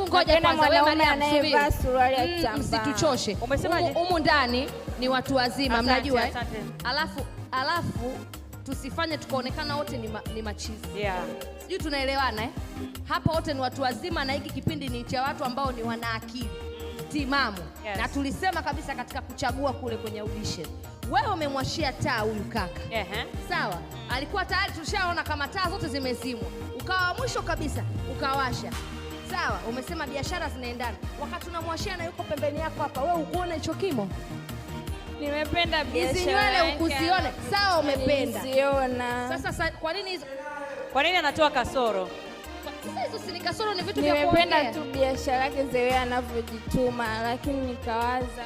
Ngoja ya mm, Msituchoshe. Humu ndani ni watu wazima mnajua. Eh? Alafu alafu tusifanye tukaonekana wote ni, ma, ni machizi. Yeah. Sijui tunaelewana eh? Hapa wote ni watu wazima na hiki kipindi ni cha watu ambao ni wana akili timamu. Yes. Na tulisema kabisa katika kuchagua kule kwenye audition. Wewe umemwashia taa huyu kaka. Yeah, Sawa. Alikuwa tayari tushaona kama taa zote zimezimwa. Ukawa mwisho kabisa ukawasha sawa, umesema biashara zinaendana, wakati unamwashia na yuko pembeni yako hapa, wewe ukuona hicho kimo? Nimependa biashara. Hizi nywele ukuzione, sawa, umependa. Sasa sa, kwa nini hizo kwa nini anatoa kasoro? Sasa hizo kasoro, ni vitu vya kuongea. Nimependa tu biashara yake Zewe anavyojituma, lakini nikawaza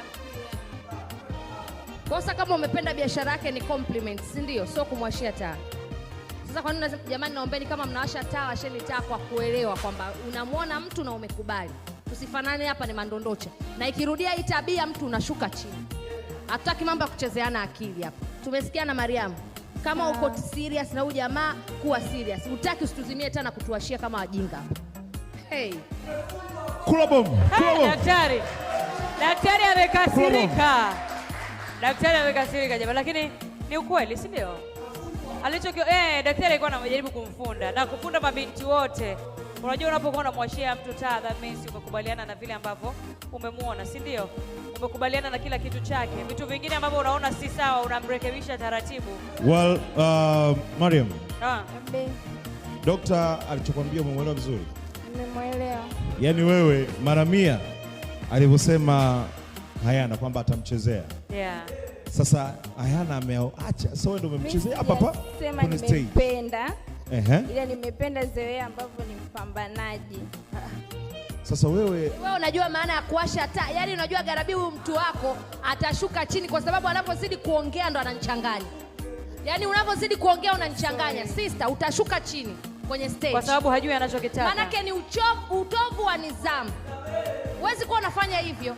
kosa kama umependa biashara yake ni compliment, si ndio? Sio kumwashia taa. Sasa kwa nini jamani, naombeni kama mnawasha taa, washeni taa kwa kuelewa kwamba unamwona mtu na umekubali. Usifanane hapa ni mandondocha, na ikirudia hii tabia mtu unashuka chini. Hatutaki mambo ya kuchezeana akili hapa. na Mariamu, kama ah. uko serious na huyu jamaa kuwa serious, utaki usituzimie tena kutuashia kama wajinga Hey. Kulabom. Kulabom. Hey, Daktari. Daktari amekasirika. Daktari amekasirika jamaa, lakini ni ukweli, si ndio? alichokio eh, daktari alikuwa anajaribu kumfunda na kufunda mabinti wote. Unajua, unapokuwa unamwashia mtu taa, that means umekubaliana na vile ambavyo umemwona, si ndio? Umekubaliana na kila kitu chake. Vitu vingine ambavyo unaona si sawa, unamrekebisha taratibu. Well, uh, Mariam, ah, dokta alichokwambia umemwelewa vizuri? Nimemwelewa. Yaani wewe mara mia alivyosema hayana kwamba atamchezea, yeah sasa Ayana ameacha, so wewe ndio umemchezea hapa hapa kwenye stage. Nimependa. Ehe. Ile nimependa zewe ambavyo ni mpambanaji. Sasa wewe wewe unajua maana ya kuwasha taa. Yaani unajua Garabi huyu mtu wako atashuka chini kwa sababu anapozidi kuongea ndo ananichanganya. Yaani unapozidi kuongea unanichanganya. Sister utashuka chini kwenye stage. Kwa sababu hajui anachokitaka. Maanake ni uchovu, utovu wa nidhamu. Huwezi kuwa unafanya hivyo.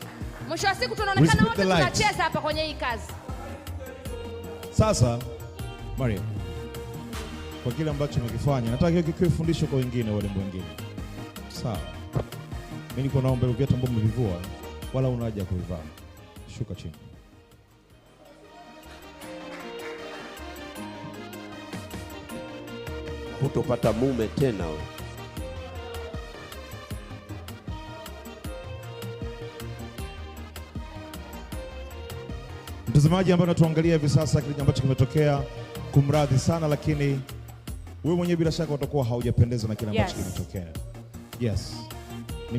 Mwisho wa siku tunaonekana wote tunacheza hapa kwenye hii kazi. Sasa Mario, kwa kile ambacho umekifanya, nataka hiyo kikiwe fundisho kwa wengine, wale wengine. Sawa, mimi niko naomba ile viatu ambavyo umevivua, wala unaja kuivaa Shuka chini. Hutopata mume tena wewe. Mtazamaji ambaye unatuangalia hivi sasa, kile ambacho kimetokea, kumradhi sana, lakini wewe mwenyewe bila shaka utakuwa haujapendezwa na kile ambacho yes, kimetokea. Yes.